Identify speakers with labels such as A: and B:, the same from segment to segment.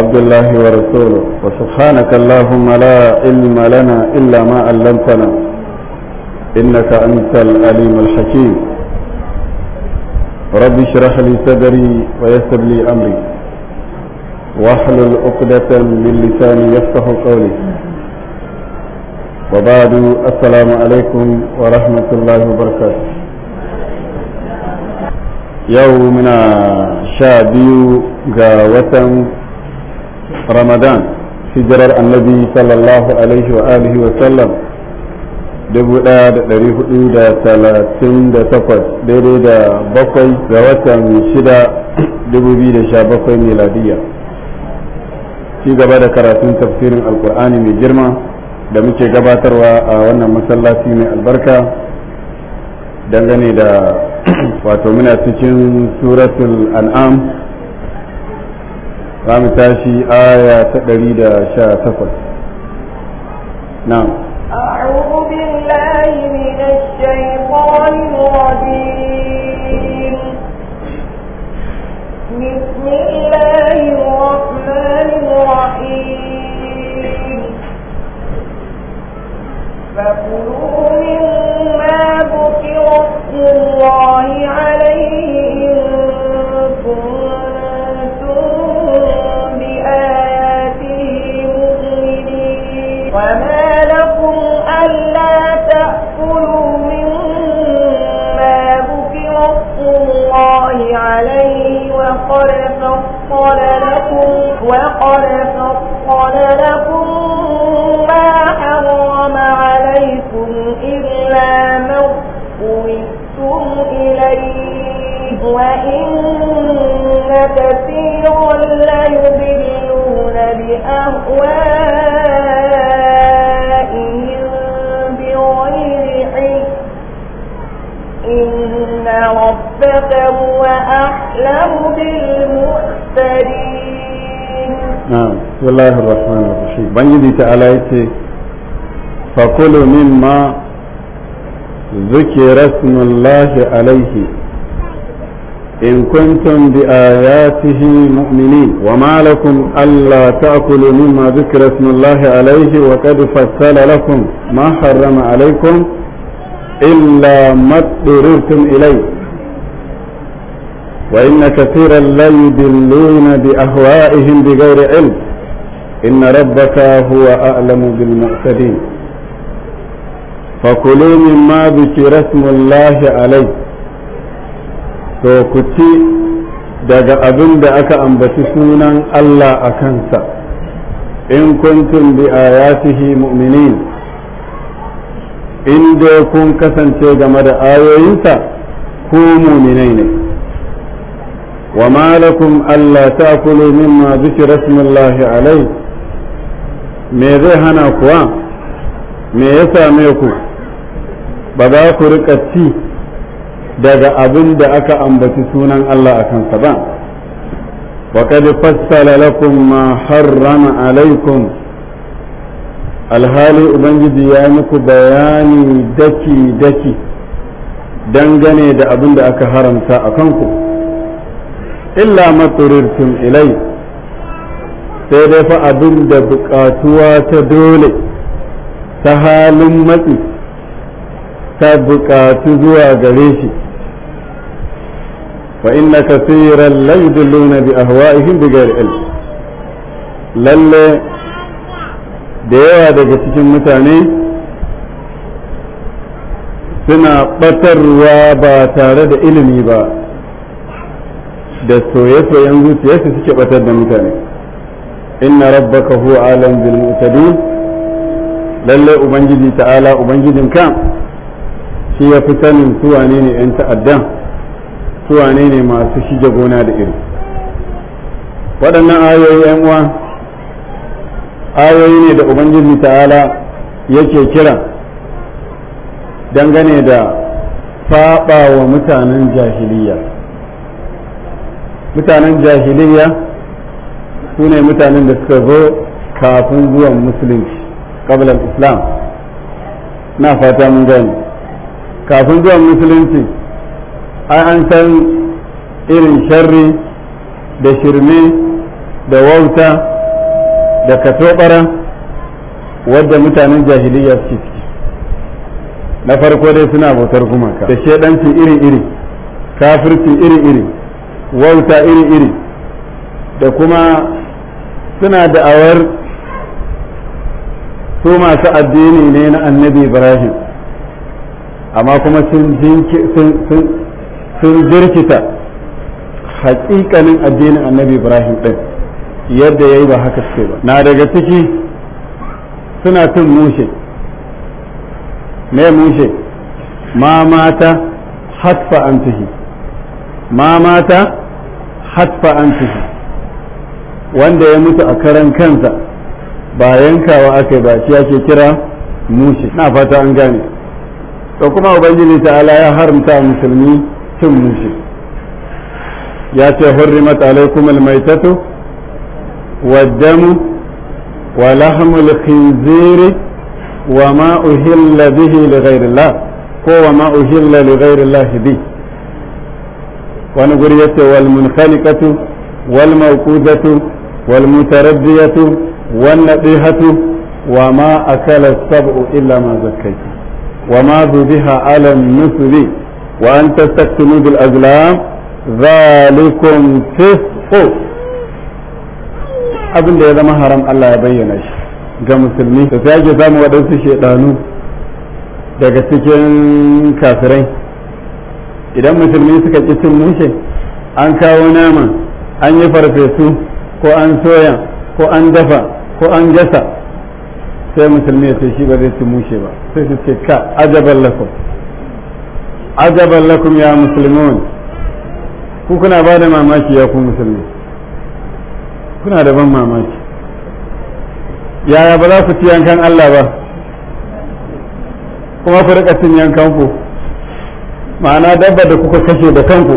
A: عبد الله ورسوله وسبحانك اللهم لا علم لنا إلا ما علمتنا إنك أنت الأليم الحكيم رب اشرح لي صدري ويسر لي أمري واحلل عقدة من لساني يفقه قولي وبعد السلام عليكم ورحمة الله وبركاته يومنا شابيو ga watan ramadan hijirar annabi sallallahu alaihi wa alihi wa sallam da bakwai watan shida 2017 miladiya ci gaba da karatun tafsirin alkur'ani mai girma da muke gabatarwa a wannan masallaci mai albarka dangane da wato muna cikin suratul an'am za mu tashi aya ta ɗari
B: أعوذ بالله من الشيطان الرجيم بسم الله الرحمن الرحيم فكلوا مما ذكر الله عليه
A: الله الرحمن الرحيم دي تعالى فكلوا مما ذكر اسم الله عليه إن كنتم بآياته مؤمنين وما لكم ألا تأكلوا مما ذكر اسم الله عليه وقد فصل لكم ما حرم عليكم إلا ما اضطررتم إليه وإن كثيرا ليضلون بأهوائهم بغير علم إن ربك هو أعلم بالمعتدين فكلوا مما ذكر اسم الله عليه توكتي daga abin da aka ambaci sunan Allah a kansa in kuntum bi ayatihi mu'minin in dai kun kasance game da ayoyinsa ku mu'minai ne wa ma lakum alla ta'kulu mimma dhikra ismullahi alayhi me zai hana kuwa me ya same ku ba za ku rika ci daga abin da aka ambaci sunan Allah a kansa ba wa kad fassala lakum ma harrama alaikum alhali ubangiji ya yi muku bayani daki daki dangane da abin da aka haramta a kanku illa maturirtum ilai sai dai fa abin da buƙatuwa ta dole ta halin matsi ta buƙatu zuwa gare shi fa inna kasiran la yudilluna bi ahwa'ihim bi ghairi ilm lalle da yawa daga cikin mutane suna batarwa ba tare da ilimi ba da soye-soyen zuciyarsu suke batar da mutane inna rabbaka huwa alam bil mu'tadin lalle ubangiji ta'ala ubangijin kan shi ya fi sanin su wane yan ta'addan su wane masu shige gona da iri waɗannan ayoyi yan uwa ayoyi ne da ubangiji ta'ala yake kira dangane da saba wa mutanen jahiliya mutanen jahiliya su ne mutanen da suka zo kafin zuwan musulunci ƙabilar islam na fata mun gani kafin zuwan musulunci ai an san irin sharri da shirme da wauta da katobara wadda mutanen jahiliya suke ciki na farko dai suna bautar gumaka da shaidancin iri-iri kafircin iri-iri wauta iri-iri da kuma suna da'awar su masu addini ne na annabi ibrahim amma kuma sun jirkita haƙiƙanin addinin annabi ibrahim ɗin yadda ya yi ba haka suke ba na daga ciki suna cin mushe me mushe ma mata hatfa an ma mata hatfa an wanda ya mutu a karan kansa ba yankawa aka ba shi ake kira mushi na fata an gane to kuma ubangiji ta'ala ya haramta musulmi cin mushi ya ce hurrimat alaikum almaitatu والدم ولحم الخنزير وما أهل به لغير الله هو ما أهل لغير الله به ونقول والمنخلقة والموقوذة والمتردية والنبيهة وما أكل السبع إلا ما زكيت وما ذبح على النسل وأن تستقسموا بالأزلام ذلكم فسق abin da ya zama haram Allah ya bayyana shi ga musulmi da sai ake samu waɗansu shaidanu daga cikin kafirai idan musulmi suka ƙi cin mushe an kawo nama an yi farfesu ko an soya ko an dafa ko an gasa sai musulmi sai shi ba zai ci mushe ba sai su ce ka ajaban lakum ajaban lakum ya musulmi ku kuna ba da mamaki ya ku musulmi kuna da ban mamaki yaya ba za ku ci yankan Allah ba kuma ku rika cin yankan ku ma'ana dabba da kuka kashe da kanku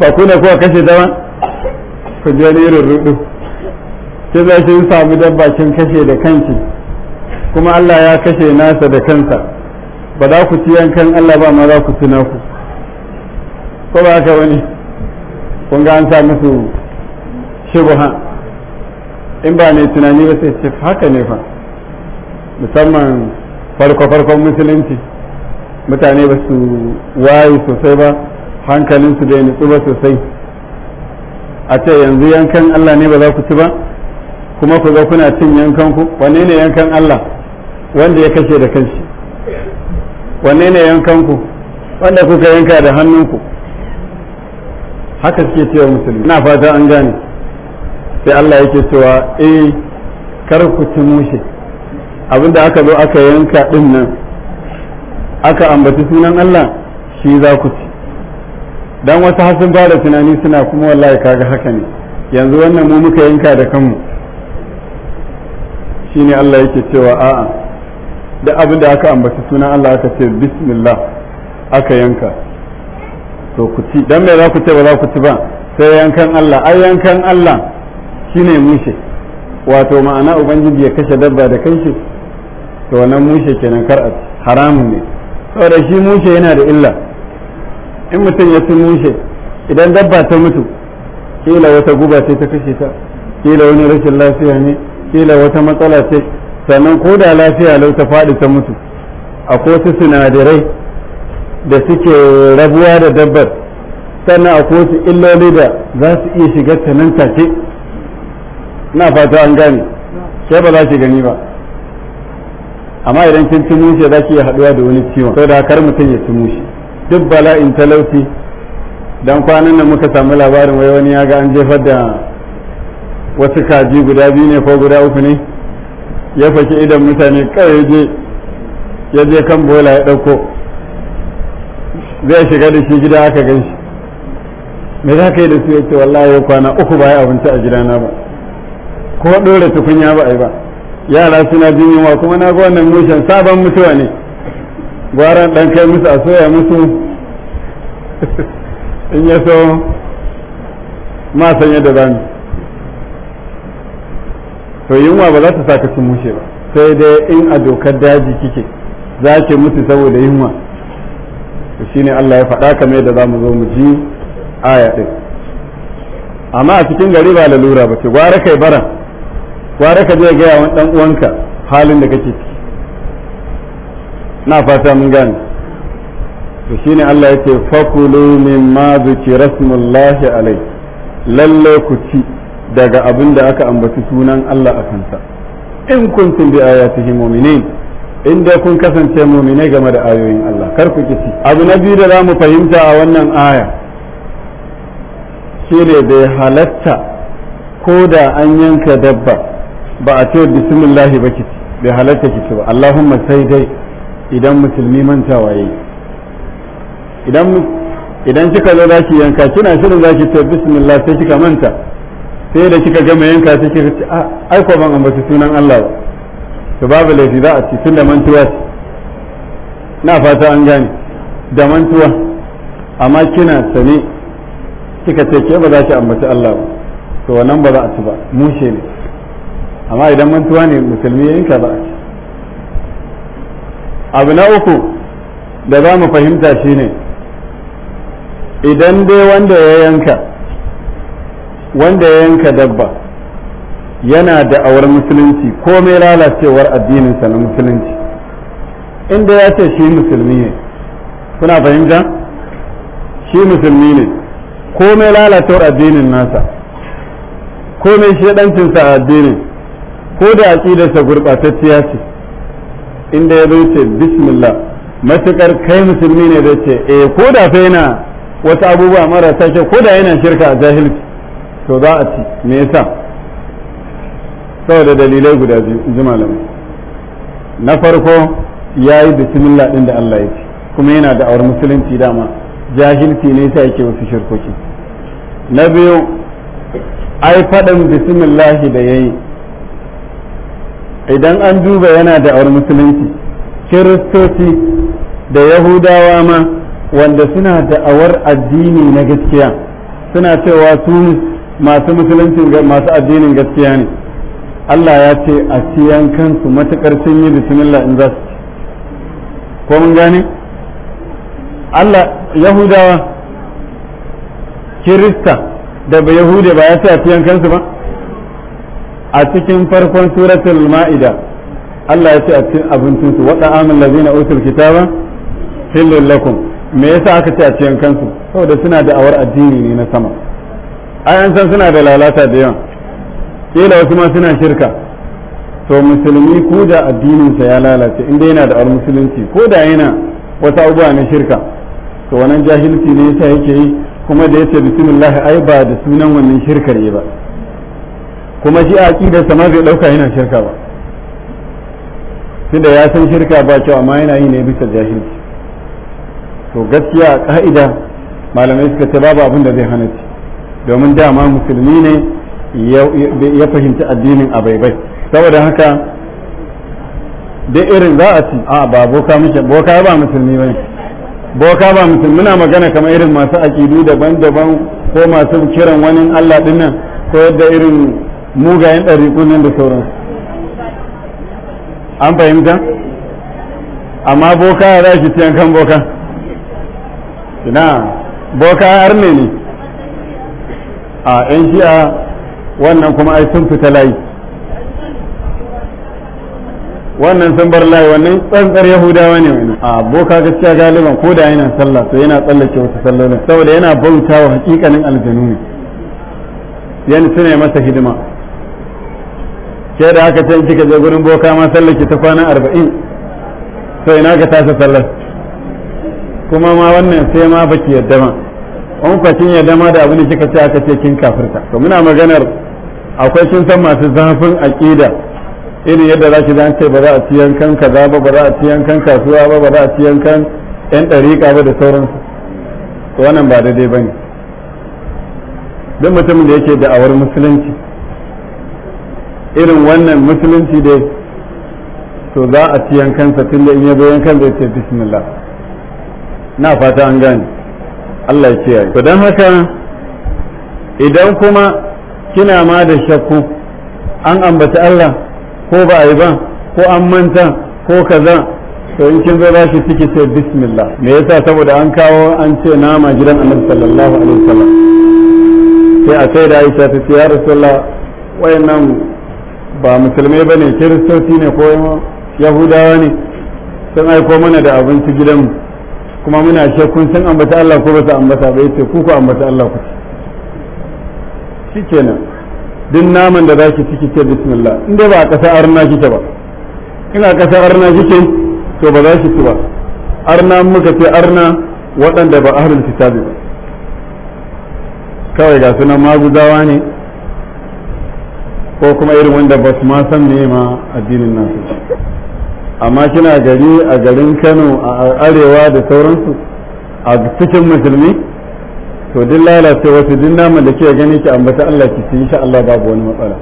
A: ba ku ne kuka kashe zaman. ba ku je ririn rudu ki za shi samu dabba kin kashe da kanki kuma Allah ya kashe nasa da kansa ba za ku ci yankan Allah ba ma za ku ci naku ko ba ka wani kun ga an sa musu shubha in ba ne tunani ba sai ce haka ne fa musamman farko-farkon musulunci mutane ba su waye sosai ba hankalinsu da ya nutsu ba sosai a ce yanzu yankan Allah ne ba za ku ci ba kuma ku ga kuna cin yankan ku wanne ne yankan Allah wanda ya kashe da kanshi wanne ne yankan ku wanda kuka yanka da hannunku haka suke cewa musulmi ina fata an gane sai Allah yake cewa eh kar ku ci mushe abinda aka zo aka yanka din aka ambaci sunan Allah shi za ku ci dan wasu hasin ba da tunani suna kuma wallahi kaga haka ne yanzu wannan mu muka yanka da kanmu shine Allah yake cewa a'a da abin da aka ambaci sunan Allah aka ce bismillah aka yanka to ku ci dan me za ku ce ba za ku ci ba sai yankan Allah ai yankan Allah shine mushe wato ma'ana ubangiji ya kashe dabba da kanshi to wannan mushe kenan kar haramun ne saboda shi mushe yana da illa in mutum ya ci mushe idan dabba ta mutu kila wata guba ce ta kashe ta kila wani rashin lafiya ne kila wata matsala ce sannan ko da lafiya lau ta faɗi ta mutu a wasu sinadarai da suke rabuwa da dabbar sannan akwai wasu illoli da za su iya shiga nan take na fata an gane ke ba za ki gani ba amma idan kin tumushe za ki iya haɗuwa da wani ciwon da kar mutum ya ci duk bala'in talauci don kwanan nan muka samu labarin wai wani ya ga an jefar da wasu kaji guda biyu ne ko guda uku ne ya faki idan mutane kawai je ya je kan bola ya ɗauko zai shiga da shi gida aka gan shi me za ka yi da su ya ce wallahi kwana uku ba ya abinci a gidana ba ko ɗora tukunya ba a yi ba yara suna jin yunwa kuma na ga wannan mushen sabon mutuwa ne gwaran dan kai musu a soya musu in ya so ma san yadda za mu to yunwa ba za ta saka cin mushe ba sai dai in a dokar daji kike za ke musu saboda yunwa to shi ne Allah ya faɗa kamar yadda za mu zo mu ji aya ɗin amma a cikin gari ba lalura ba ce gwara kai bara gwara ka je gaya wa ɗan uwanka halin da kake ciki na fata mun gane to shine Allah yake fakulu min ma zikira smullahi alai lalle ku ci daga abin da aka ambaci sunan Allah a kansa in kuntum bi ayatihi mu'minin in dai kun kasance mu'minai game da ayoyin Allah kar ku ci abu na biyu da za mu fahimta a wannan aya shine bai halatta ko da an yanka dabba ba a ce bismillah ba ki bai halatta ki ci ba Allahumma sai dai idan musulmi mantawa yi idan idan kika zo za ki yanka kina shirin za ki tafi bismillah sai kika manta sai da kika gama yanka sai kika ci ah, aiko ban ambaci sunan Allah ba to babu laifi za a ci tun da mantuwa na fata an gane da mantuwa amma kina sani kika ce ke ba za ki ambaci Allah ba to wannan ba za a ci ba mushe ne amma idan mantuwa ne musulmi yanka ba a ci abu na uku da za mu fahimta shine idan dai wanda ya yanka wanda ya yanka dabba yana da awar musulunci ko mai lalacewar addininsa na musulunci inda ya ce shi musulmi ne kuna fahimta shi musulmi ne ko mai lalacewar addinin nasa Ko mai shaɗancinsa a addinin ko da aƙidarsa gurɓatacciya ce inda ya zo ce bismillah matukar kai musulmi ne zai ce eh ko da fa yana wasu abubuwa mara kyau ko da yana shirka a jahilci to za a ci me yasa saboda dalilai guda biyu in na farko ya yi bismillah din da Allah ya ce kuma yana da awar musulunci dama jahilci ne sai yake wasu shirkoki na biyu ai faɗin bismillahi da yayi idan an duba yana da'awar musulunci kiristoci da yahudawa ma wanda suna da'awar addini na gaskiya suna cewa su masu musulunci masu addinin gaskiya ne Allah ya ce a siyan kansu matukar sun yi bismillah in za su ci ko mun gane Allah yahudawa kirista da ba yahude ba ya ce a siyan kansu ba a cikin farkon suratul ma'ida Allah ya ce a cikin abincin su wa ta'amul ladina utul kitaba hillul lakum me yasa aka ce a cikin kansu saboda suna da awar addini ne na sama ai an san suna da lalata da yawa kila wasu ma suna shirka to musulmi ko da addininsa ya lalace inda yana da musulunci ko da yana wasu abubuwa na shirka to wannan jahilci ne yasa yake yi kuma da yace bismillah ai ba da sunan wannan shirkar ba kuma shi a aqidar sa ma ɗauka yana shirka ba tunda ya san shirka ba kyau amma yana yi ne bisa jahilci to gaskiya ƙa'ida malamai suka ce babu abin da zai hana ci domin dama musulmi ne ya fahimci addinin a baibai saboda haka duk irin za a ci a ba boka muke boka ba musulmi ba boka ba musulmi muna magana kamar irin masu aƙidu daban-daban ko masu kiran wani Allah dinnan ko yadda irin mugayen ɗari nan da sauransu an fahimta amma boka ya za shi ciyan kan boka ina boka har ne ne a yan shi'a wannan kuma ai sun fita layi wannan sun bar layi wannan tsantsar yahudawa ne wani a boka gaskiya galiban ko da yana sallah to yana tsallake wasu sallolin saboda yana bauta wa hakikanin aljanu ne yana suna masa hidima sai da haka can kika je gurin boka ma sallar ki ta kwana arba'in sai ina ka tashi sallar kuma ma wannan sai ma baki yadda ma an kwacin yadda ma da abin da kika ce aka ce kin kafirta to muna maganar akwai sun san masu zafin aƙida irin yadda za ki zan ba za a ci yankan kaza ba ba za a ci yankan kasuwa ba ba za a ci yankan yan ɗariƙa ba da sauransu to wannan ba daidai ba ne duk mutumin da yake da'awar musulunci irin wannan musulunci dai to za a ci yankansa tun da in ya zo yankan zai ce bismillah na fata an gane Allah ya kiyaye to don haka idan kuma kina ma da shakku an ambaci Allah ko ba a yi ba ko an manta ko kaza to in kin zo ba shi ciki ce bismillah me yasa saboda an kawo an ce nama gidan annabi sallallahu alaihi wasallam sai a sai da Aisha ta ce ya rasulullah wayannan ba musulmi ba ne kiristoci ne ko yahudawa ne sun aiko mana da abinci gidan kuma muna shakkun sun ambata Allah ko ba su ambata ba yace ku ku ambata Allah ku kenan duk naman da zaki ciki ce bismillah in dai ba a kasa arna kike ba ina kasa arna kike to ba za ki ci ba arna muka ce arna waɗanda ba ahlul kitab ba kawai ga sunan maguzawa ne ko kuma irin wanda ba su ma san me ma addinin nasu amma kina gari a garin Kano a arewa da sauransu a cikin musulmi to duk lalace wasu duk naman da ke gani ki ambata Allah ki ci insha Allah babu wani matsala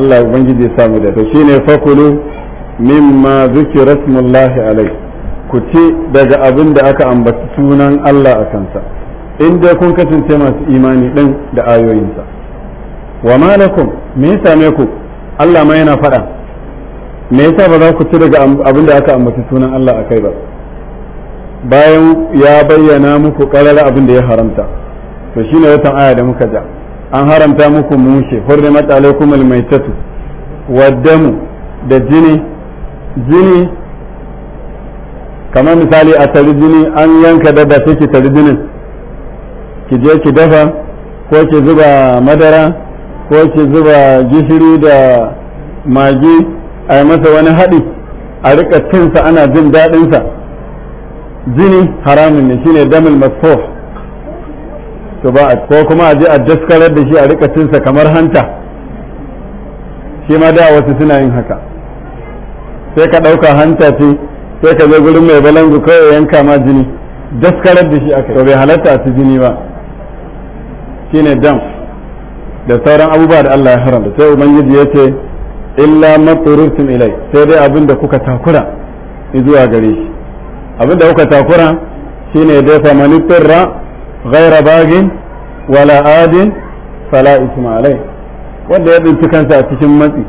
A: Allah ubangiji ya samu da to shine fakulu mimma zikra smullahi alai ku ci daga abin da aka ambaci sunan Allah a kansa in dai kun kasance masu imani din da ayoyinsa wa malakum me yasa me ku Allah ma yana faɗa me yasa ba za ku ci daga abin da aka ambaci sunan Allah akai ba bayan ya bayyana muku karar abin da ya haramta to shine watan aya da muka ja an haramta muku mushe hurrimat alaikum Wa damu da jini jini kamar misali a tari jini an yanka dabba sai ki tari jinin ki je ki dafa ko ki zuba madara ko ki zuba gishiri da magi a yi masa wani haɗi a rika cinsa ana jin daɗinsa jini haramun ne shine damil masfoh to ba a ko kuma a je a daskarar da shi a rika cinsa kamar hanta shi ma da wasu suna yin haka sai ka ɗauka hanta ce sai ka zo gurin mai balangu kawai yanka ma jini daskarar da shi aka to bai halatta su jini ba shine dam da sauran abubuwa da Allah ya haramta sai ubangiji ya ce illa matururtum ilai sai dai abin da kuka takura zuwa gare shi abin da kuka takura shine dai fa man tirra ghaira bagin wala adin fala isma wanda ya binci kansa a cikin matsi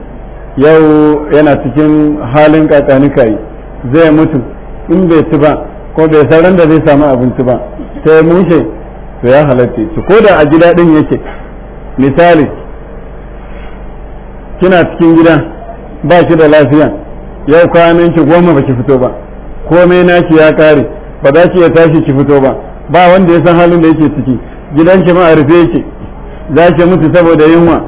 A: yau yana cikin halin kakanika yi zai mutu in bai ci ba ko bai saran da zai samu abinci ba sai mushe to ya halatta ko da a gida din yake misali kina cikin gida ba shi da lafiya yau kwanan ki goma ba ki fito ba komai naki ya kare ba za ki iya tashi ki fito ba ba wanda ya san halin da yake ciki gidan ki ma a rufe yake za ki mutu saboda yunwa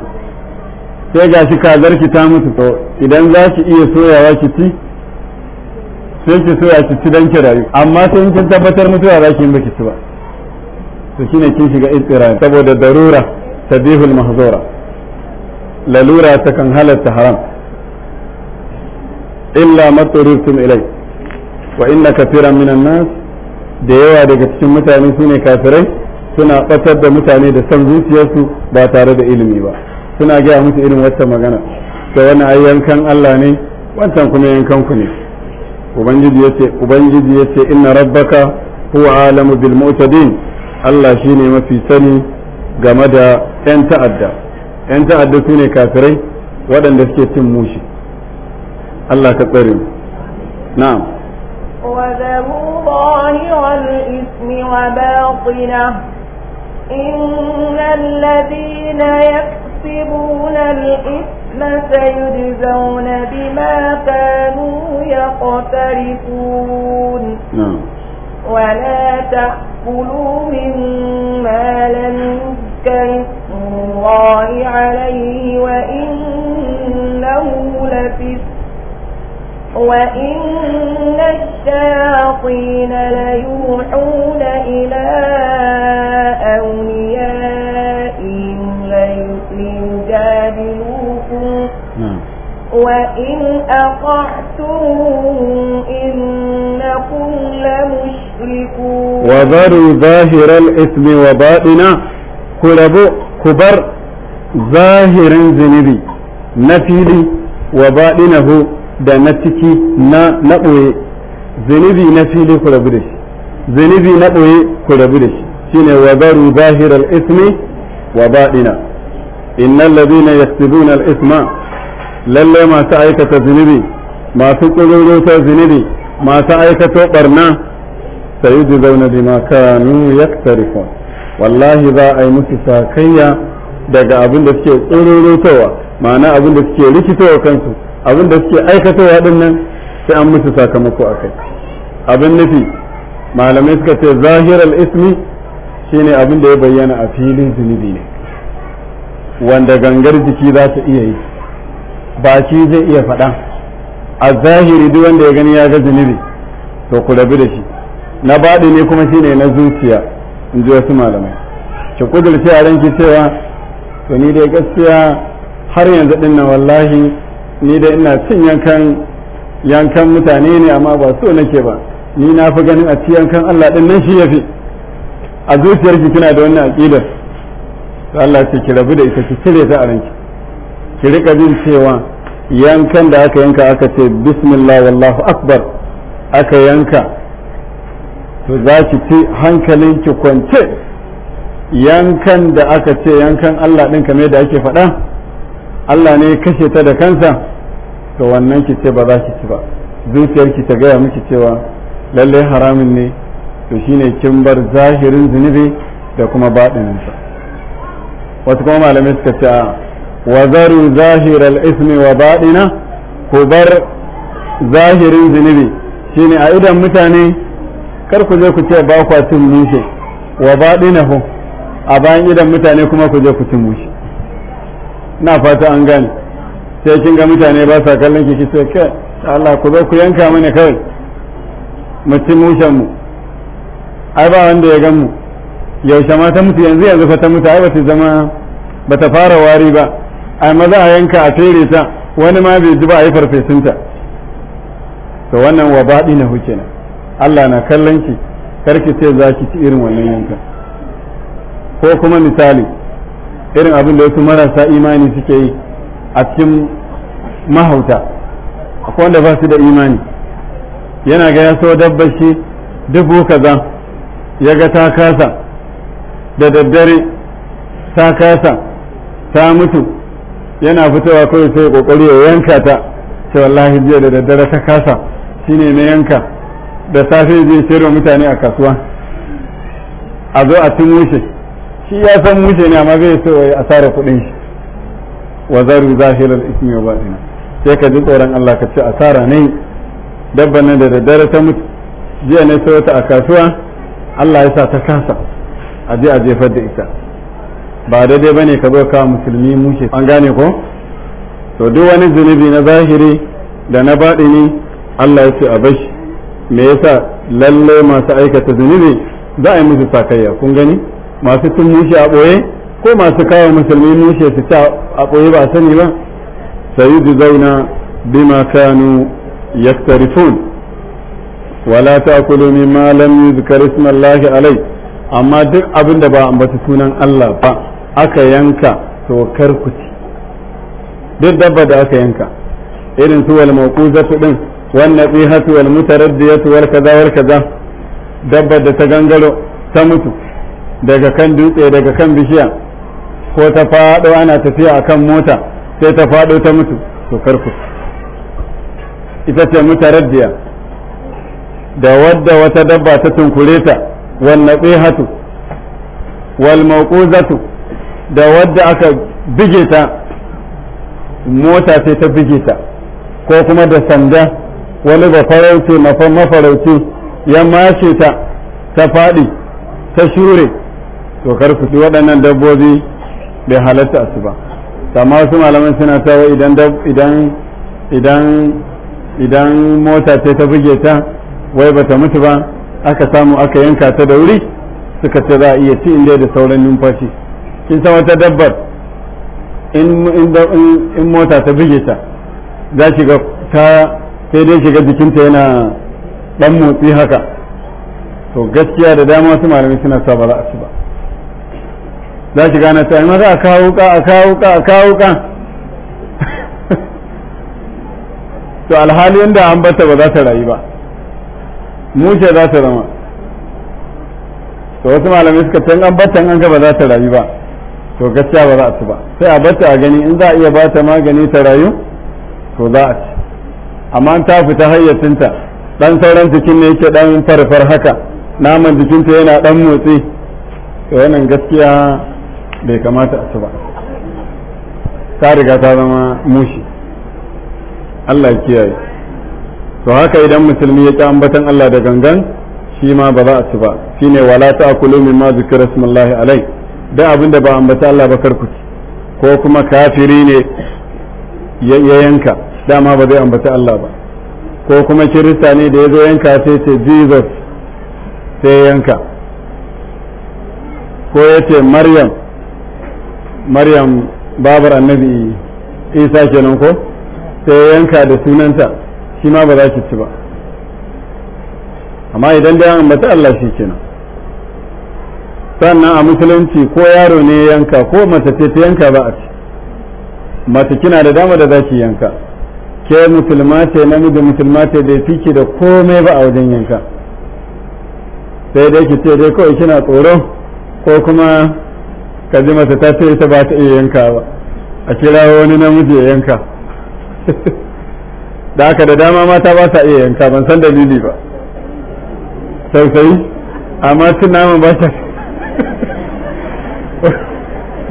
A: sai ga shi kazar ki ta mutu to idan za ki iya soyawa ki ci sai ki soya ki ci dan ki rayu amma sai kin tabbatar mutuwa za ki yi ba ki ci ba to shine kin shiga istira saboda darura tabihul mahzura lalura ta kan halatta haram illa maturiftum ilai wa inna kafiran minan nas da yawa daga cikin mutane sune kafirai suna batar da mutane da san zuciyarsu ba tare da ilimi ba suna gaya musu irin waccan magana to wannan ai yankan Allah ne wancan kuma yankan ku ne ubangiji yace ubangiji yace inna rabbaka huwa alamu bil mu'tadin Allah shine mafi sani game da 'yan ta'adda 'yan ta'adda su ne kafirai waɗanda suke cin mushi Allah ka tsare mu na'am
B: وذروا ظاهر الإثم وباطنه إن الذين يكسبون الإثم سيجزون بما كانوا يقترفون نعم ولا تأكلوا مما لم تلك الله عليه وإنه لفس وإن الشياطين ليوحون إلى أوليائهم ليجادلوكم نعم. وإن أطعتم إنكم لمشركون
A: وذروا ظاهر الإثم وباطنه ku rabu ku bar zahirin zunubi na fili wa baɗinahu da na ciki na ɓoye zunubi na fili ku rabu da shi zunubi na ɓoye ku rabu da shi shine wa zaru zahiral ismi wa baɗina innal ladina yaktubuna al isma lalle masu aikata zunubi masu ƙururutar zunubi masu aikata barna sayyidu zauna bima kanu yaktarifun wallahi za a yi musu sakayya daga abin da suke tsororotowa ma'ana abin da suke rikitowa kansu abin da suke aikatowa din nan sai an musu sakamako a kai abin nufi malamai suka ce zahiral ismi shine abin da ya bayyana a filin zunubi ne wanda gangar jiki za ta iya yi baki zai iya faɗa a zahiri duk wanda ya gani ya ga zunubi to ku rabu da shi na baɗi ne kuma shine na zuciya in ji wasu malamai ki kudurce a ranki cewa to ni dai gaskiya har yanzu din nan wallahi ni dai ina cin yankan mutane ne amma ba so nake ba ni na fi ganin a ci yankan Allah din nan shi yafi a zuciyarki kina da wannan aƙidar. to Allah ce ki rabu da ita ki cire ta a ranki ki rika jin cewa yankan da aka yanka aka ce bismillah wallahu akbar aka yanka to za ki ci hankalin ki kwance yankan da aka ce yankan Allah ɗin kamar da ake faɗa Allah ne kashe ta da kansa to wannan ki ce ba za ki ci ba zuciyarki ta gaya miki cewa lallai haramin ne to shine kin bar zahirin zunubi da kuma baɗininsa wasu kuma malamai suka ce wa zaru zahiral ismi wa baɗina ku bar zahirin zunubi shine a idan mutane kar ku je ku ce ba kwa cin mushe wa baɗinahu a bayan idan mutane kuma ku je ku cin mushe na fata an gane sai kin ga mutane ba sa kallon ki ki sai kai Allah ku zo ku yanka mana kawai mu ci mushen mu ai ba wanda ya gan mu yaushe ma ta mutu yanzu yanzu fa ta mutu ai ba ta zama ba ta fara wari ba ai maza a yanka a fere ta wani ma bai ji ba a yi farfesunta to wannan wa baɗi na hukenan Allah na kallon ki karki ce za ki ci irin wannan yankan ko kuma misali irin abin da wasu marasa imani suke yi a cikin mahauta akwai wanda ba su da imani yana ga ya so dabbar shi dubu kaza ya ga ta kasa da daddare ta kasa ta mutu yana fitowa kawai sai kokari ya yanka ta sai wallahi jiya da daddare ta kasa shine na yanka da safe zai sayarwa mutane a kasuwa a zo a ci mushe shi ya san mushe ne amma bai so ya asara kuɗin shi wa zaru zahirar ismi wa batina sai ka ji tsoron Allah ka ce asara ne dabban nan da daddare ta mutu jiya ne sai wata a kasuwa Allah ya sa ta kasa a je a jefar da ita ba daidai ba ne ka zo kawo musulmi mushe an gane ko to duk wani zunubi na zahiri da na baɗini Allah ya ce a bashi me yasa lalle masu aikata zunubi za a yi musu sakayya kun gani masu tun mushe a ɓoye ko masu kawo musulmi mushe su ta a ɓoye ba sani ba sai ji zauna bima kanu yaktarifun wala ta ta'kulu ma lam yuzkar karisman alai amma duk abin da ba ambata sunan Allah ba aka yanka to kar ci duk dabba da aka yanka irin su wal mawquzatu din والنبيهة والمتردية والكذا والكذا dabbar da ta gangaro ta mutu daga kan dutse daga kan bishiya ko ta faɗo ana tafiya a kan mota sai ta faɗo ta mutu to karku ita ce mutaraddiya da wadda wata dabba ta tunkure ta wal naqihatu wal mawquzatu da wadda aka bige ta mota sai ta bige ta ko kuma da sanda wani ba farauce mafan mafarauci ya mace ta ta faɗi ta shure to kar su ci waɗannan dabbobi bai halatta su ba amma wasu malaman suna tawa idan idan idan idan mota ce ta buge ta wai ba ta mutu ba aka samu aka yanka ta da wuri suka ce za a iya ci inda da sauran numfashi kin san wata dabbar in mota ta buge ta za ki ga ta sai dai shiga jikinta yana dan motsi haka to gaskiya da dama wasu malamai suna sa ba za a ci ba za ki gane ta yi maza a kawo ka a kawo ka a kawo ka to alhali yadda an bata ba za ta rayu ba mushe za ta zama to wasu malamai suka tan an bata an ga ba za ta rayu ba to gaskiya ba za a ci ba sai a bata a gani in za a iya bata magani ta rayu to za a ci amma an ta fita hayyacinta dan sauran jikin ne yake dan farfar haka naman jikinta yana dan motsi wannan gaskiya bai kamata a ci ba ta riga ta zama mushi Allah ya kiyaye to haka idan musulmi ya ci ambatan Allah da gangan shi ma ba za a ci ba shine wala ta'kulu mimma zikra smallahi alai dan abin da ba ambata Allah ba karku ko kuma kafiri ne ya yanka dama ba zai ambata Allah ba ko kuma kirista ne da ya zo yanka sai ce jesus sai yanka ko ya ce maryam maryam babar annabi isa kenan ko sai yanka da sunanta shi ma ba za ki ci ba amma idan da ya ambata Allah shi kenan sannan a musulunci ko yaro ne yanka ko mace ce ta yanka ba a ci mace kina da dama da za ki yanka ke musulma ce namiji musulma ce da fiki da komai ba a wajen yanka sai dai ki ce dai kawai kina tsoro ko kuma ka ji masa ta ce ita ba ta iya yanka ba a kira wani namiji ya yanka da aka da dama mata ba ta iya yanka ban san dalili ba sausai amma cin nama ba ta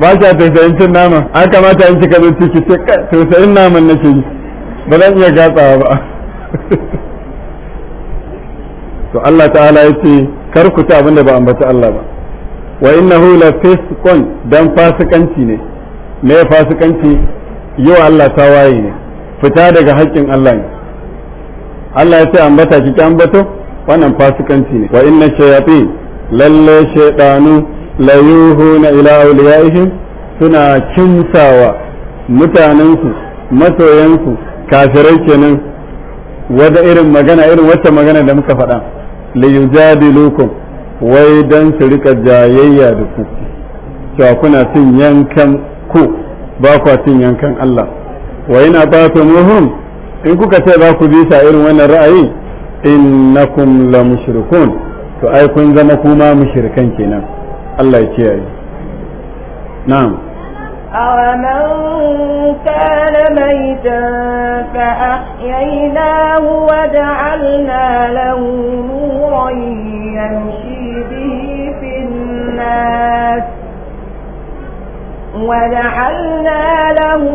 A: ba ta tausayin cin nama an kamata in kika zo ciki ce tausayin naman nake yi ba zan iya gatsawa ba to Allah ta'ala ya ce kar ku ta abinda ba ambaci Allah ba wa innahu la fisqun dan fasikanci ne me fasikanci yau Allah ta waye ne fita daga haƙƙin Allah ne Allah ya ce ambata ki ambato wannan fasikanci ne wa inna shayatin lalle shaytanu la yuhuna ila awliyaihim suna kimsawa mutanensu masoyansu kafirai kenan wata irin magana irin wata magana da muka faɗa li yujadilukum wai dan su rika jayayya da ku cewa kuna cin yankan ku ba kwa cin yankan Allah wa ina ba in kuka ce ba ku bisa irin wannan ra'ayi innakum la mushrikun to ai kun zama kuma mushrikan kenan Allah ya kiyaye na'am
B: أَوَمَنْ كَانَ مَيْتًا فَأَحْيَيْنَاهُ وَجَعَلْنَا لَهُ نُورًا يَمْشِي بِهِ فِي النَّاسِ وَجَعَلْنَا لَهُ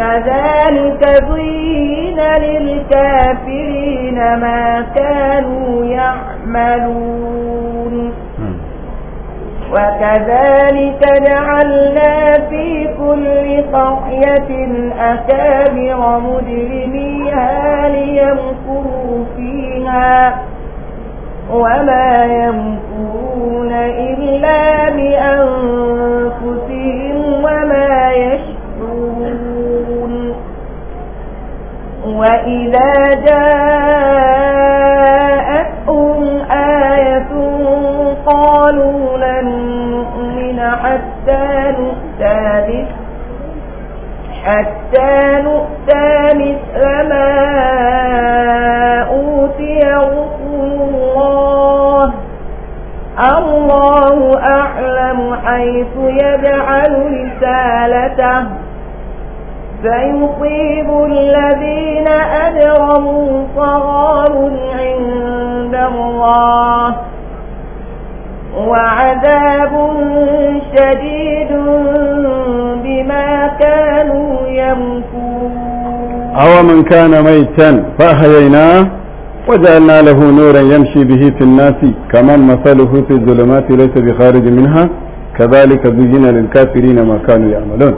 B: كذلك زين للكافرين ما كانوا يعملون وكذلك جعلنا في كل قرية أكابر مجرميها ليمكروا فيها وما يمكرون إلا بأنفسهم وما يشعرون وإذا جاءتهم آية قالوا لن نؤمن حتى نؤتى حتى نؤتى مثل ما أوتي رسول الله الله أعلم حيث يجعل رسالته سيصيب الذين أجرموا صغار عند الله وعذاب شديد بما كانوا يمكون
A: أو من كان ميتا فأحييناه وجعلنا له نورا يمشي به في الناس كمن مثله في الظلمات ليس بخارج منها كذلك زين للكافرين ما كانوا يعملون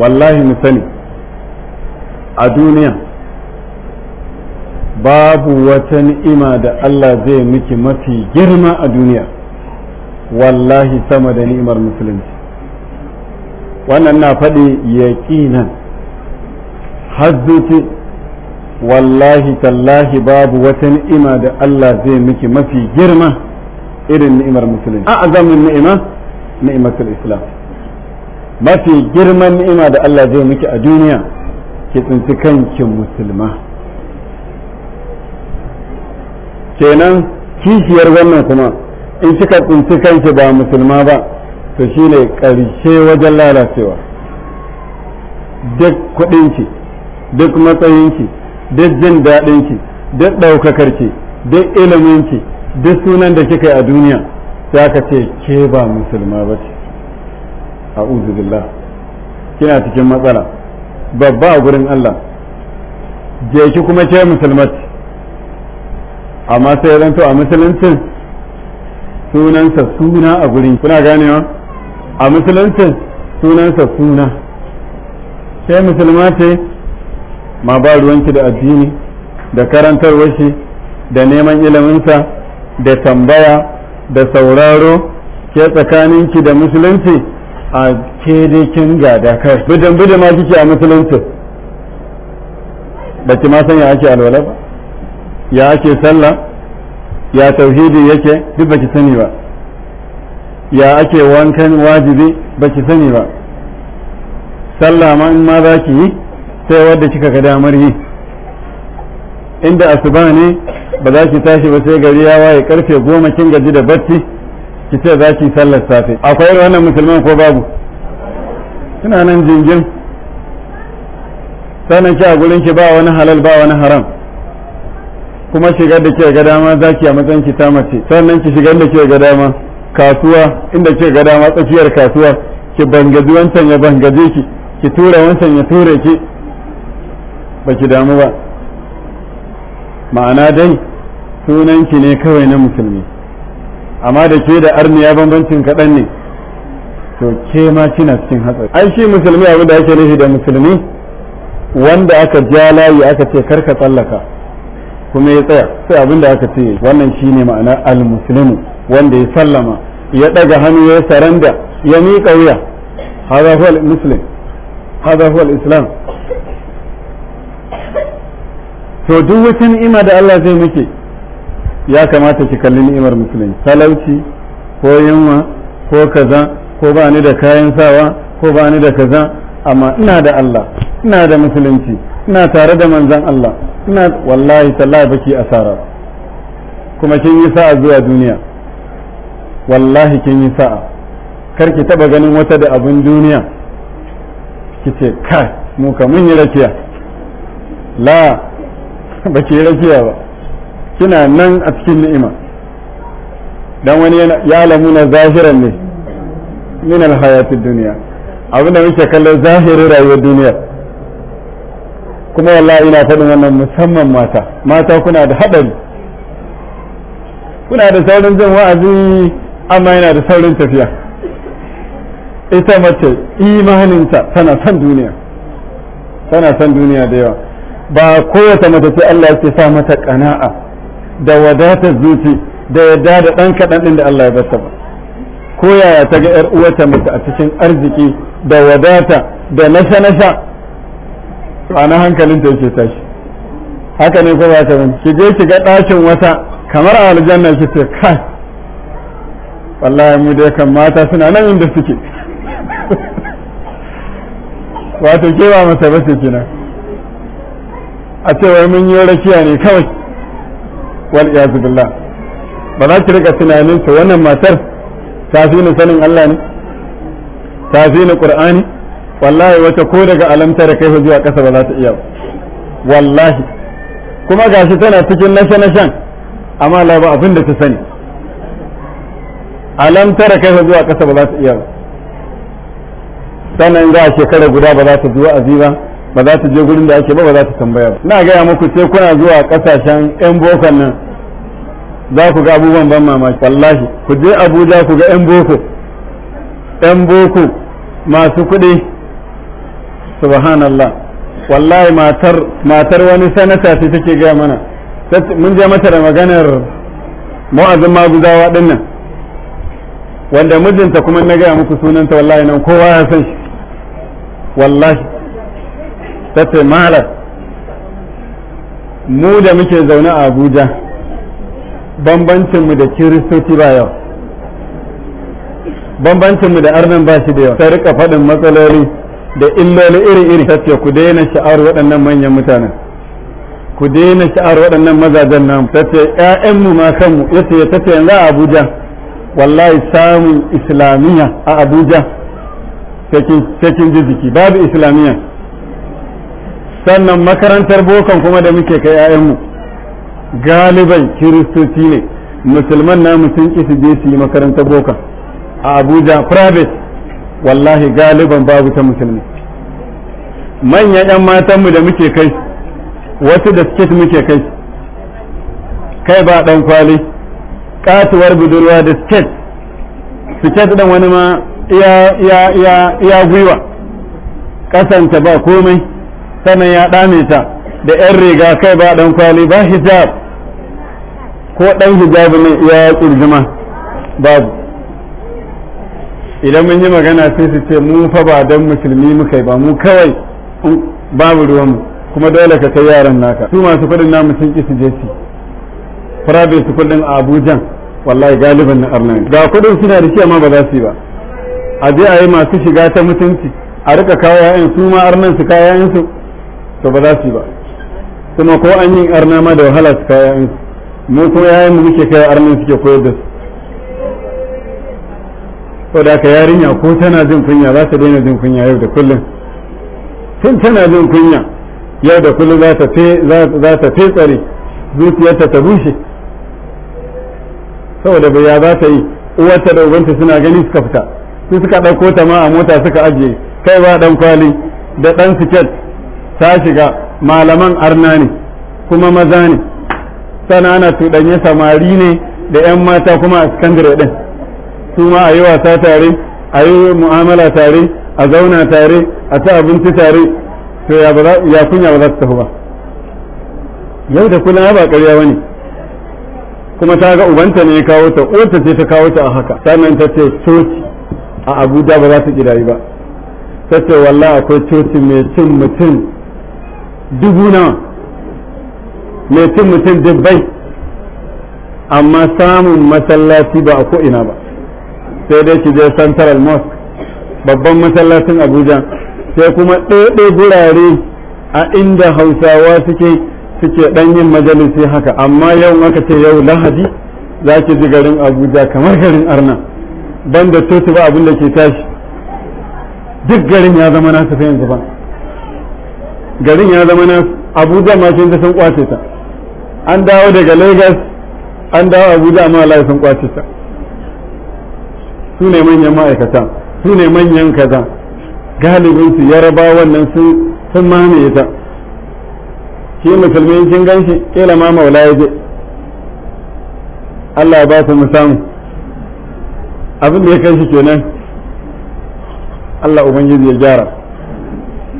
A: والله مثلي a duniya babu wata ni'ima da Allah zai miki mafi girma a duniya wallahi sama da ni'imar musulunci wannan na faɗi yaƙinan hajjuti wallahi tallahi babu wata ni'ima da Allah zai miki mafi girma irin ni'imar musulunci a azamin ni'ima ni'imar islam mafi girman ni'ima da Allah zai miki a duniya ki tsinci kankin musulma kenan kishiyar wannan kuma in kika tsinci kanki ba musulma ba to shine ƙarshe wajen lalacewa duk kuɗinki duk matsayinki duk jin daɗinki duk ɗaukakarki duk iliminki duk sunan da kika yi a duniya za ka ce ke ba musulma ba ce a billah kina cikin matsala babba a gurin Allah je ki kuma ce musulmat amma sai zanto a musuluncin sunansa suna a gurin kuna ganewa a musuluncin sunansa suna sai musulma ce ma ba ruwanki da addini da karantarwar shi da neman iliminsa da tambaya da sauraro ke tsakaninki da musulunci a ke dai kin gada kai bidan bidan ma kike a musulunci ba ki ma san ya ake alwala ba ya ake sallah ya tauhidi yake duk ba ki sani ba ya ake wankan wajibi ba ki sani ba sallah ma in ma za ki yi sai wadda kika ga damar yi inda asuba ne ba za ki tashi ba sai gari ya waye karfe goma kin gaji da barci ki ce za ki sallar safe akwai wannan musulman ko babu suna nan jingin sanan ki a gurin ki ba wani halal ba wani haram kuma shigar da ke ga dama zaki a matsayin ki ta mace sannan ki shigar da ke ga dama kasuwa inda ke ga dama tsakiyar kasuwa ki bangaji wancan ya bangaje ki ki tura wancan ya ture ki ba ki damu ba ma'ana dai sunanki ne kawai na musulmi amma da ke da arniya bambancin kaɗan ne to ke ma kina cikin hatsari ai shi musulmi abin da yake nufi da musulmi wanda aka ja layi aka ce karka tsallaka kuma ya tsaya sai abin da aka ce wannan shine ma'ana al-muslimu wanda ya sallama ya daga hannu ya saranda ya miƙa wuya hada muslim hada islam to duk wata ni'ima da Allah zai muke ya kamata ki kalli ni'imar musulmi talauci ko yunwa ko kaza ko ba ni da kayan sawa ko ba ni da kaza amma ina da Allah ina da musulunci ina tare da manzon Allah ina wallahi tallahi baki asara kuma kin yi sa'a zuwa duniya wallahi kin yi sa'a kar ki taba ganin wata da abun duniya kice kai mu ka mun yi rakiya la baki rakiya ba kina nan a cikin ni'ima dan wani ya lamuna zahiran ne min alhayatid duniya abinda muke kallon zahirin rayuwar duniya kuma wallahi ina faɗin wannan musamman mata mata kuna da haɗari kuna da saurin jin wa'azi amma yana da saurin tafiya ita mace imaninta tana son duniya tana son duniya da yawa ba kowace mace ce Allah ya sa mata kana'a da wadatar zuci da yadda da ɗan kaɗan ɗin da Allah ya bata ba ko yaya ta ga yar uwarta mace a cikin arziki da wadata da nasha nasha ana hankalin ta yake tashi haka ne ko ba ta bane ki je ki ga ɗakin wata kamar a aljanna ki ce kai wallahi mu dai kan mata suna nan inda suke wato ke ba mata bace kina a ce wai mun yi rakiya ne kawai wal iyazu billah ba za ki rika tunanin ta wannan matar Tafi ni sanin Allah ne tafi ni qur'ani wallahi wata ko daga alamta da kai zuwa kasa ba za ta iya wallahi kuma gashi tana cikin nashe nashen amma la ba abin da ta sani alamta da kai zuwa kasa ba za ta iya ba sannan za shekara guda ba za ta zuwa aziba ba za ta je gurin da ake ba ba za ta tambaya ba na gaya muku sai kuna zuwa kasashen yan bokan nan za ku ga abubuwan ban mamaki wallahi ku je abuja ku ga 'yan boko 'yan boko masu kuɗi subhanallah wallahi matar matar wani sanata ce take gaya mana mun je mata da maganar mu'azin maguzawa din nan wanda mijinta kuma na gaya muku sunanta wallahi nan kowa ya san shi wallahi ta ce mu da muke zaune a abuja bambancinmu da kiristoci ba yau bambancinmu da arnan ba shi da yawa ta rika faɗin matsaloli da illoli iri-iri ta ce ku daina sha'ar waɗannan manyan mutanen ku daina sha'ar waɗannan mazajen namu ta ce ‘ya'yanmu ma kanmu ya ce ta ce yanzu a abuja wallahi samun islamiyya a abuja cikin jiziki babu islamiyya sannan makarantar bokan kuma da muke kai ‘ya'yanmu galiban kiristoci ne musulman namu sun ki su je su yi makaranta boka a abuja private wallahi galiban babu ta musulmi manyan 'yan matanmu da muke kai wasu da skit muke kai kai ba dan kwali katuwar budurwa da skit siket dan wani ma iya gwiwa kasanta ba komai sannan ya dame ta da 'yan riga kai ba dan kwali ba hijab ko ɗan hijabi ne ya ƙirjima babu idan mun yi magana sai su ce mu fa ba don musulmi muka ba mu kawai babu ruwanmu kuma dole ka kai yaran naka su masu kuɗin namu sun ƙi su je su private school din Abuja wallahi galiban na Arnani ga kuɗin suna da shi amma ba za su yi ba a je a yi masu shiga ta mutunci a rika kawo yayan su ma arnan su kawo yayan su to ba za su yi ba kuma ko an yi arna ma da wahala su kawo yayan su mu kuma yayin mu muke kai arnin suke koyar da su ko ka yarinya ko tana jin kunya za ta daina jin kunya yau da kullum tun tana jin kunya yau da kullum za ta fe tsare zuciyarta ta bushe saboda bai ya za ta yi uwarta da ubanta suna gani suka fita su suka ɗauko ta ma a mota suka ajiye kai ba ɗan kwali da ɗan siket ta shiga malaman arna ne kuma maza ne Sanana ana samari ne da 'yan mata kuma a sakandare ɗin su ma a yi wasa tare a yi mu'amala tare a zauna tare a ci abinci tare to ya kunya ba za su tafi ba yau da kullum ba karya ba ne kuma ta ga ubanta ne ya kawo ta uwarta ce ta kawo ta a haka sannan ta ce coci a abuja ba za su gidayi ba ta ce wallah akwai coci mai cin mutum dubu nawa mai cin mutum dubbai amma samun masallaci ba a ko'ina ba sai dai ki je central mosque babban masallacin abuja sai kuma ɗaiɗai gurare a inda hausawa suke suke ɗan yin majalisi haka amma yau aka ce yau lahadi za ki ji garin abuja kamar garin arna banda coci ba abin da ke tashi duk garin ya zama nasu sai yanzu ba garin ya zama nasu abuja ma kin sun kwace ta an dawo daga lagos an dawo abuja amma Allah san kwace ta su ne manyan ma'aikata su ne manyan kaza galibin su yaraba wannan sun sun mamaye ta shi musulmi kin ganshi kila ma maula ya je Allah ya ba su mu samu abin da ya kai shi kenan Allah ubangiji ya gyara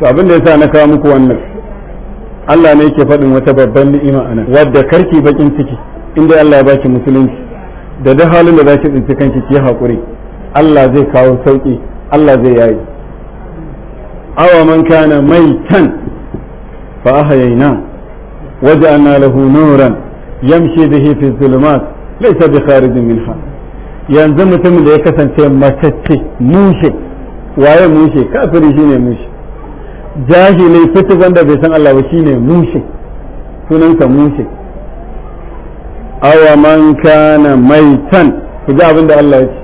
A: to abin da ya sa na kawo muku wannan Allah ne yake faɗin wata babban ni'ima anan wadda karki bakin ciki inda Allah ya baki musulunci da duk halin da za ki tsinci kanki ki haƙuri Allah zai kawo sauƙi Allah zai yayi awa man kana can fa ahayayna waja'alna lahu nuran yamshi bihi fi zulumat laysa bi kharijin minha yanzu mutumin da ya kasance matacce mushe waye mushe kafiri shine mushe jahilai fitu wanda bai san Allah ba shine mushe sunansa mushe awa man kana can ku ji abin da Allah ya ce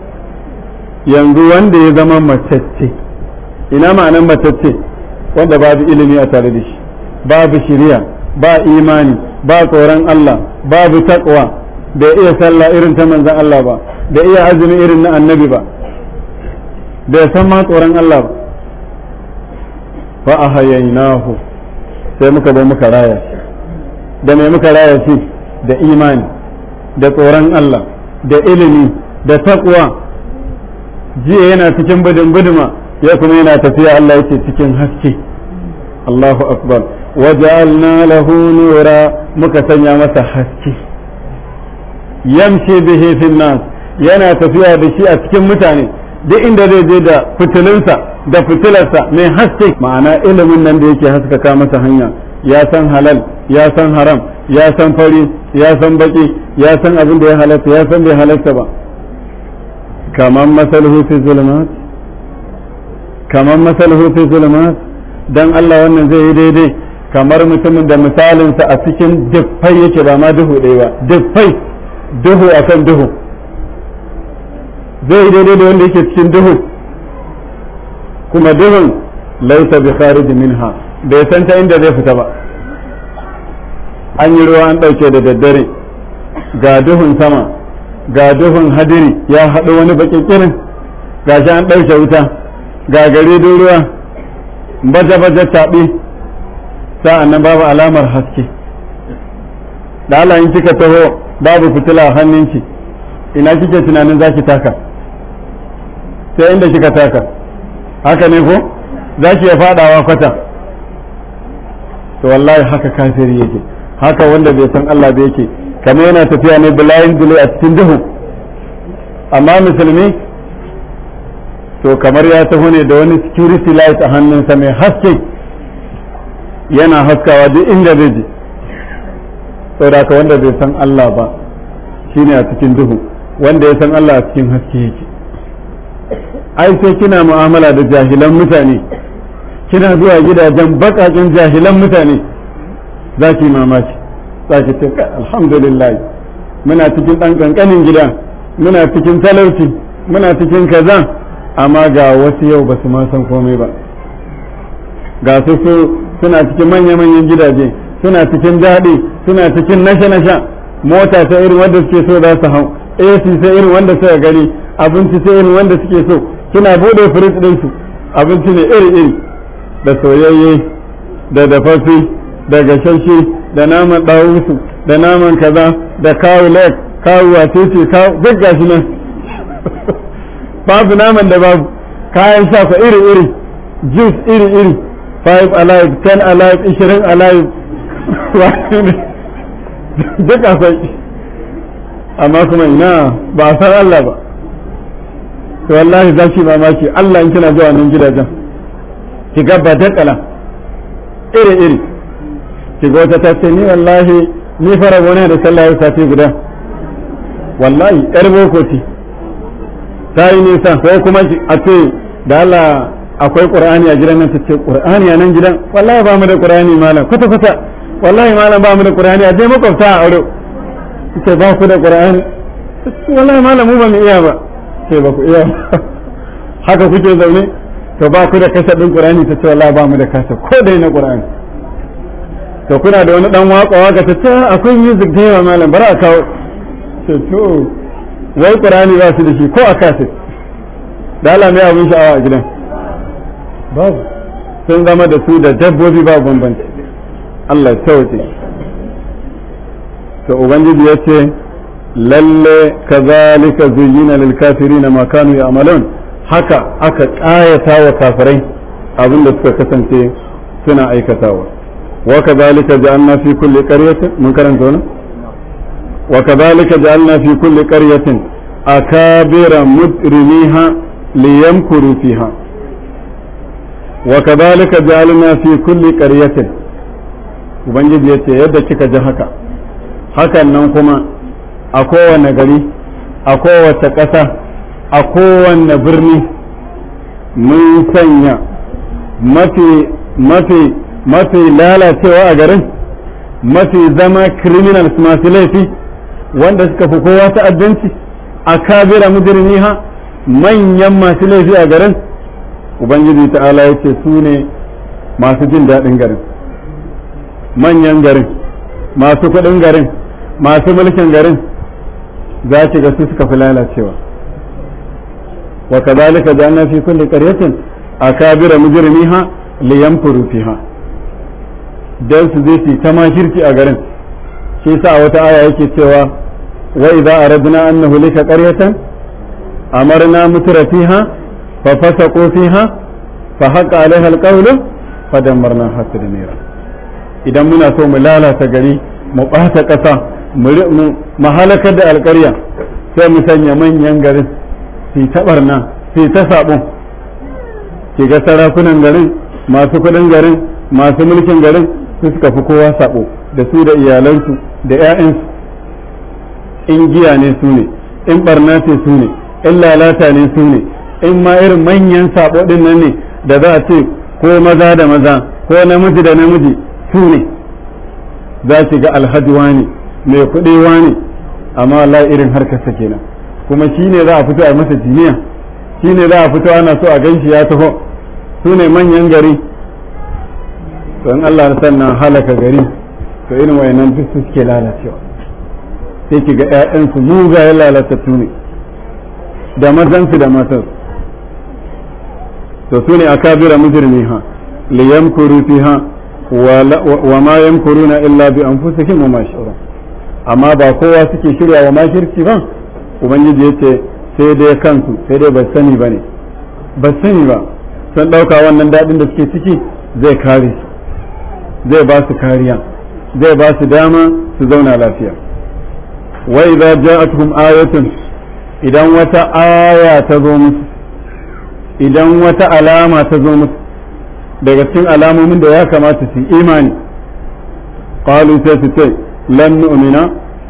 A: yanzu wanda ya zama matacce ina ma'anan matacce wanda babu ilimi a tare da shi babu shiriya ba imani ba tsoron Allah babu takwa da iya sallah irin ta manzan Allah ba da iya azumi irin na annabi ba da san ma tsoron Allah ba fa sai muka zo muka raya da me muka raya shi da imani da tsoron Allah da ilimi da takwa jiya yana cikin budin ya kuma yana tafiya Allah yake cikin haske Allahu akbar waj'alna lahu nura muka sanya masa haske yamshi bihi fil nas yana tafiya da shi a cikin mutane duk inda zai je da fitilinsa da fitilarsa mai haske ma'ana ilimin nan da yake haskaka masa hanya ya san halal ya san haram ya san fari ya san baki ya san abin da ya halatta ya san bai halatta ba kamar masalhu fi zulumat kamar masalhu fi zulumat dan Allah wannan zai yi daidai kamar mutumin da misalinsa a cikin duffai yake ba ma duhu ɗaya ba duffai duhu akan duhu zai yi daidai da wanda yake cikin duhu kuma duhun laisa bi kharij minha bai san ta inda zai fita ba an yi ruwa an dauke da daddare ga duhun sama ga duhun hadiri ya haɗu wani bakin kirin ga shi an ɗauke wuta ga gari ruwa baje-baje taɓi sa'an nan babu alamar haske da Allah in kika taho babu fitila a hannunki ina kike tunanin za ki taka sai inda kika taka haka ne ko za ki ya fadawa kwata to wallahi haka kafiri yake haka wanda bai san Allah ba yake kamar yana tafiya ne blindly a cikin duhu amma musulmi to kamar ya taho ne da wani security light a hannunsa mai haske yana haskawa duk inda zai je saboda ka wanda bai san Allah ba shine a cikin duhu wanda ya san Allah a cikin haske yake ai sai kina mu'amala da jahilan mutane kina zuwa gidajen bakakin jahilan mutane za ki mamaki za ki ce alhamdulillah muna cikin ɗan ƙanƙanin gida muna cikin talauci muna cikin kaza amma ga wasu yau ba su ma san komai ba ga su suna cikin manya-manyan gidaje suna cikin daɗi suna cikin nasha-nasha mota ta irin wanda suke so za su hau AC sai irin wanda suka gani abinci sai irin wanda suke so suna bude firij din su abinci ne iri iri da soyayye da dafafi da gashashe da naman ɗawusu da naman kaza da kawo lek kawo wace ce kawo duk gashi nan babu naman da babu kayan shafa iri iri jus iri iri five alive ten alive ishirin alive duk akwai amma kuma ina ba a san Allah ba to wallahi za ki mamaki Allah in kina zuwa nan gidajen ki ga ba dakala iri iri ki ga wata ta ce ni wallahi ni fara gona da sallah ya sati guda wallahi yar boko ce ta yi nisa ko kuma a ce da Allah akwai qur'ani a gidan nan ta ce qur'ani a nan gidan wallahi ba mu da qur'ani malam kwata kwata wallahi malam ba mu da qur'ani a je makwabta a aure ce ba ku da qur'ani wallahi malam mu ba mu iya ba ce ba ku iya haka kuke zaune to ba ku da kasa din qur'ani ta ce wallahi ba mu da kasa ko dai na qur'ani to kuna da wani dan waka waka ta ce akwai music da yawa malam bara a kawo ce to wai qur'ani ba su da shi ko a kasa da Allah mai abin sha'awa a gidan babu sun zama da su da dabbobi ba bambanci Allah ya sauke to ubangiji ya ce lalle kazalika zuyyina lil kafirin ma kanu ya'malun haka aka kayata wa kafirai abin da suka kasance suna aikatawa wa kazalika ja'alna fi kulli qaryatin mun karanta wannan wa kazalika ja'alna fi kulli qaryatin akabira mujrimiha liyamkuru fiha wa kazalika ja'alna fi kulli qaryatin ubangiji yace yadda kika ji haka hakan nan kuma a kowane gari a kowace ƙasa a kowane birni mun sanya mafi mafi mafi lalacewa a garin mafi zama criminals masu laifi wanda suka fi kowa ta'addanci a kabira ha? manyan masu laifi a garin ubangiji ta'ala ya ce su ne masu jin daɗin garin manyan garin masu kuɗin garin masu mulkin garin za ki ga su suka fi lalacewa wa kadhalika ja'alna fi kulli qaryatin akabira mujrimiha liyamkuru fiha dan su zai su ta makirci a garin shi yasa wata aya yake cewa wa idza aradna an nuhlika qaryatan amarna mutra fiha fa fasaqu fiha fa haqa alaiha alqawlu fa damarna hatta damira idan muna so mu lalata gari mu ɓata ƙasa mahalakar da alkarya sai mu sanya manyan garin su ta barna su ta saɓo ki ga sarakunan garin masu kuɗin garin masu mulkin garin su suka fi kowa saɓo da su da iyalansu da 'ya'yansu in giya ne su ne in barna ce su ne in lalata ne su ne in ma irin manyan sabo ɗin nan ne da za a ce ko maza da maza ko namiji da namiji su ne za ki ga alhajuwa ne mai kuɗi wani amma Allah irin harkarsa kenan kuma shi ne za a fito a masa jiniya shi ne za a fito ana so a gan shi ya taho su ne manyan gari don Allah sannan halaka gari to irin wayannan duk suke lalacewa sai ki ga ƴaƴansu ya lalata ne da mazan su da matar to su ne akabira mujrimiha liyamkuru fiha wa ma yamkuruna illa bi anfusihim wa ma yash'urun amma ba kowa suke shirya wa makirci ba ubangiji ya ce sai dai kansu sai dai ba sani ba ne ba sani ba sun ɗauka wannan daɗin da suke ciki zai kare su zai ba su kariya zai ba su dama su zauna lafiya wa a tukun ayatun idan wata aya ta zo musu idan wata alama ta zo musu daga cikin alamomin da ya kamata su imani qalu sai su ce lan nu'mina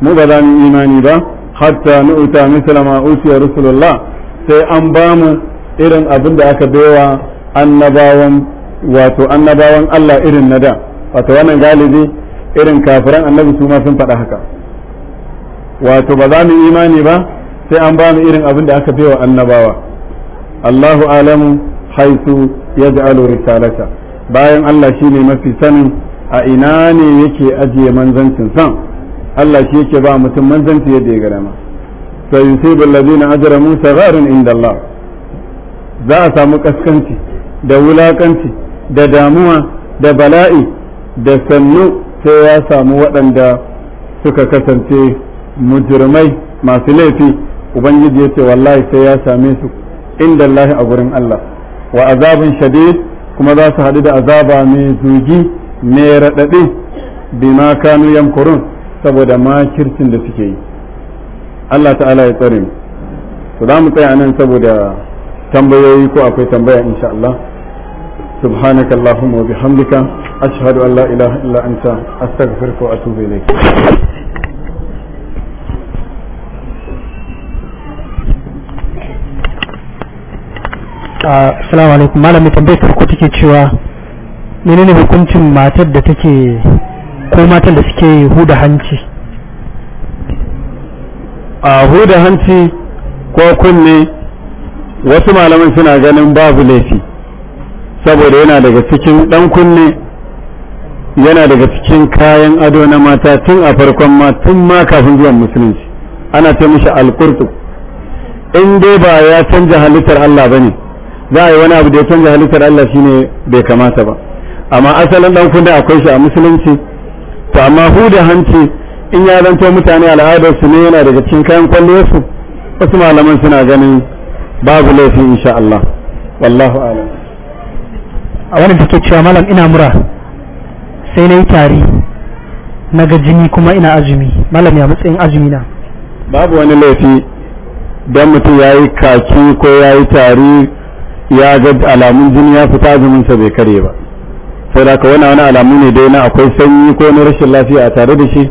A: mu ba za mu imani ba hatta nu'ta misla ma utiya rasulullah sai an ba mu irin abin da aka baiwa annabawan wato annabawan Allah irin na da wato wannan galibi irin kafiran annabi su ma sun faɗa haka wato ba za mu imani ba sai an ba mu irin abin da aka baiwa annabawa Allahu alamu haisu yaj'alu risalata bayan Allah shine mafi sanin a ina ne yake ajiye manzancin san Allah shi yake ba mutum manzanci yadda ya gada ma sai yusibu alladhina ajramu sagharun inda Allah za a samu kaskanci da wulakanci da damuwa da bala'i da sannu sai ya samu waɗanda suka kasance mujirmai masu laifi ubangiji ya ce wallahi sai ya same su inda Allah a gurin Allah wa azabun shadid kuma za su haɗu da azaba mai zugi mai bi bima kanu yamkurun saboda makircin da suke yi Allah ta'ala ya tsare mu to za mu tsaya nan saboda tambayoyi ko akwai tambaya insha Allah سبحانك اللهم وبحمدك أشهد أن لا إله إلا أنت أستغفرك وأتوب إليك Assalamu alaikum
C: malami tambayar farko take cewa menene hukuncin matar da take ko matan da suke huda hanci
A: a huda hanci ko kunne wasu malaman suna ganin babu laifi saboda yana daga cikin dan kunne yana daga cikin kayan ado na mata tun a farkon ma tun ma kafin zuwan musulunci ana ce mishi alkurtu in dai ba ya canja halittar Allah bane za a yi wani abu da ya canja halittar Allah shine bai kamata ba amma asalin dan kunde akwai shi a musulunci to amma huda hanci in ya zanto mutane al'adar su ne yana daga cikin kayan kwalliyar su wasu malaman suna ganin babu laifi insha Allah wallahu a'lam
C: a wannan take cewa malam ina mura sai na yi tari na ga jini kuma ina azumi malam ya matsayin azumi na
A: babu wani laifi don mutum ya yi kaki ko ya yi tari ya ga alamun jini ya fita sa bai kare ba sai da wani wani alamu ne dai na akwai sanyi ko na rashin lafiya a tare da shi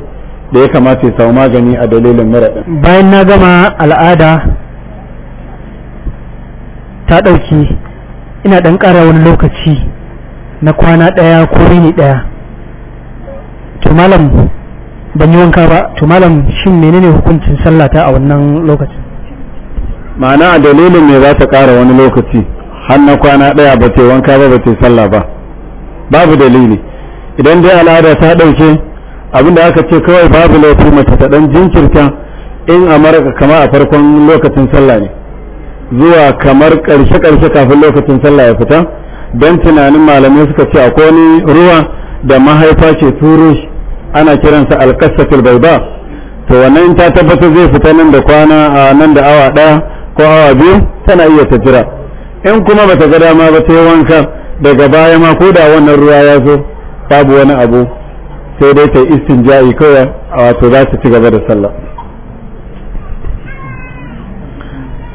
A: da ya kamata ya samu magani a dalilin mura bayan na gama
C: al'ada ta ɗauki ina ɗan ƙara wani lokaci na kwana ɗaya ko rini ɗaya to malam ban yi wanka ba to malam shin menene hukuncin sallata a wannan
A: lokacin ma'ana a dalilin me za ta ƙara wani lokaci har na kwana ɗaya ba ta wanka ba ba ta sallah ba babu dalili idan dai al'ada ta ɗauke da aka ce kawai babu laifi mace ta ɗan jinkirta in a maraka kama a farkon lokacin sallah ne zuwa kamar ƙarshe-ƙarshe kafin lokacin sallah ya fita don tunanin malamai suka ce akwai wani ruwa da mahaifa ce turu ana kiransa alƙasatul baiba to wannan ta tabbatar zai fita nan da kwana a nan da awa ɗaya ko awa biyu tana iya ta jira in kuma bata ga dama ba ta wanka daga baya ma ko da wannan ruwa ya zo babu wani abu sai dai ta istinja'i kawai a wato za ta ci gaba da sallah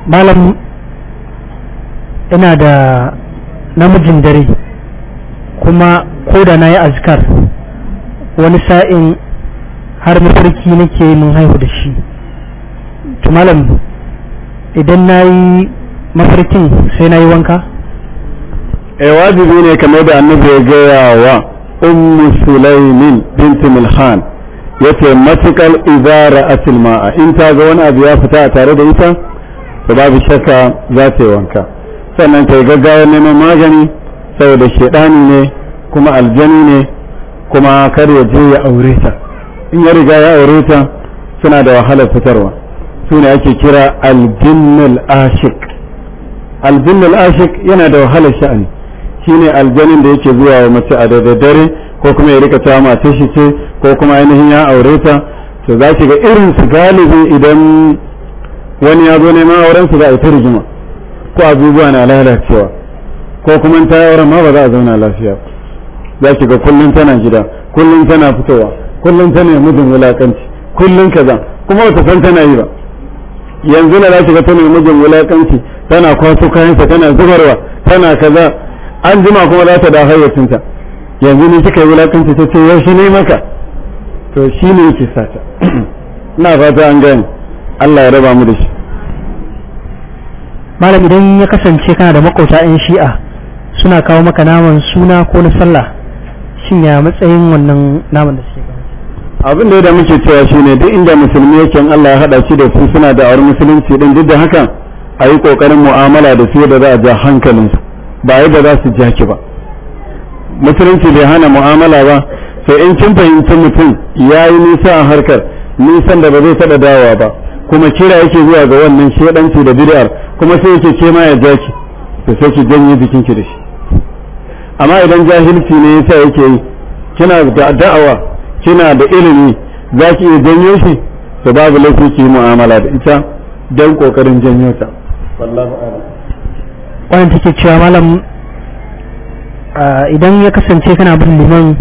C: malam ina da namijin dare kuma ko da na yi azkar wani sa'in har mafarki nake mun haihu da shi to malam idan na yi mafarkin sai na yi wanka
A: eh wajibi ne kamar da annabi ya gaya wa ummu sulaimin binti milhan yace matukal idara asilma ma'a in ta ga wani abu ya fita a tare da ita to babu shakka za ta yi wanka sannan ta yi gaggawar neman magani saboda shedani ne kuma aljani ne kuma kar ya je ya aure ta in ya riga ya aure ta suna da wahalar fitarwa su ne ake kira aljinnul ashik aljinnul ashik yana da wahalar sha'ani shine aljanin da yake zuwa wa mace a daddare ko kuma ya rika ta mata shi ce ko kuma ainihin ya aure ta to za ki ga irin su galibi idan wani ya zo neman auren su za a yi rigima ko abubuwa na lalacewa ko kuma ta yi auren ma ba za a zauna lafiya za ki ga kullum tana gida kullum tana fitowa kullum tana yi mijin wulakanci kullum kaza kuma wata san tana yi ba yanzu na za ki ga tana yi mijin wulakanci tana kwaso kayansa tana zubarwa tana kaza an jima kuma za ta da hayyacinta yanzu ne kika yi wulakanci ta ce yau shi ne maka to shi ne yake sata ina fata an gani Allah ya raba mu da shi
C: malam idan ya kasance kana da makauta yan shi'a suna kawo maka naman suna ko na sallah shin ya matsayin wannan naman da
A: suke abin da ya da muke cewa ne duk inda musulmi yake Allah ya hada shi da su suna da awar musulunci din duk da haka a yi kokarin mu'amala da su da za a ja hankalinsu ba yadda za su ja ki ba musulunci bai hana mu'amala ba sai in kin fahimci mutum ya yi nisa a harkar nisan da ba zai taɓa dawowa ba kuma kira yake zuwa ga wannan shedanci da bid'ar kuma sai yake ce ma ya ja ki to sai ki janye ki da shi amma idan jahilci ne yasa yake yi kina da da'awa kina da ilimi za ki iya janyo shi to babu laifi ki mu'amala da ita don kokarin janyo ta wallahi a'lam wannan take cewa malam
C: ah, idan ya kasance kana bin liman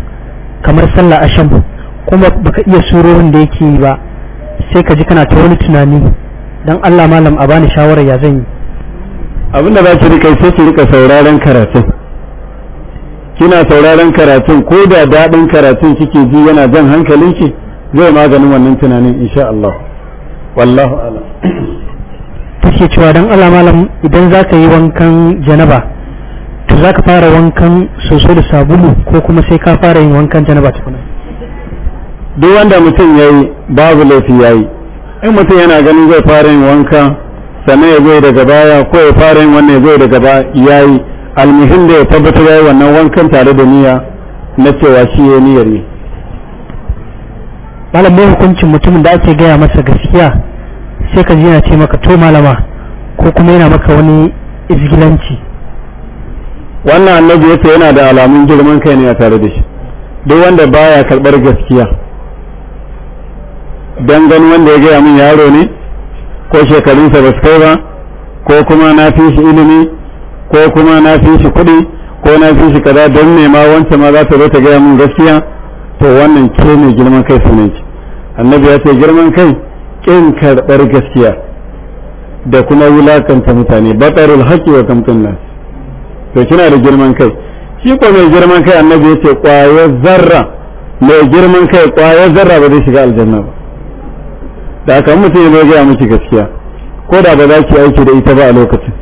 C: kamar sallah asham kuma baka iya surorin da yake yi ba sai ka ji kana ta wani tunani dan Allah malam a bani shawara ya zan yi
A: abinda za ki rika sai ki rika sauraron karatun kina sauraron karatun ko da daɗin karatun kike ji yana jan hankalinki zai maganin wannan tunanin insha Allah wallahu a'lam
C: ake cewa don Allah malam idan za ka yi wankan janaba to za ka fara wankan soso da sabulu ko kuma sai ka fara yin wankan janaba tukuna
A: duk wanda mutum ya yi babu laifi ya yi in mutum yana ganin zai fara yin wanka sannan ya zai daga baya ko ya fara yin wannan ya zai daga baya ya yi almuhim da ya tabbatar ya yi wannan wankan tare da niyya na cewa shi ya niyyar ne
C: malam hukuncin mutumin da ake gaya masa gaskiya sai ka yana ce maka to malama ko kuma yana maka wani izgilanci
A: wannan annabi yace yana da alamun girman kai ne a tare da shi duk wanda baya karbar gaskiya dan gani wanda ya gaya min yaro ne ko shekarunsa ba su kai ba ko kuma na fi shi ilimi ko kuma na fi shi kuɗi ko na fi shi kaza don ne ma wancan ma za ta zo ta gaya min gaskiya to wannan ke ne girman kai sunan annabi ya ce girman kai ƙin karɓar gaskiya da kuma wulakanta mutane ba batarul haƙi wa kamfin nas to kina da girman kai shi ko mai girman kai annabi ya ce ƙwayar zarra mai girman kai ƙwayar zarra ba zai shiga aljanna ba da aka mutum ya gaya miki gaskiya ko da ba za ki aiki da ita ba a lokacin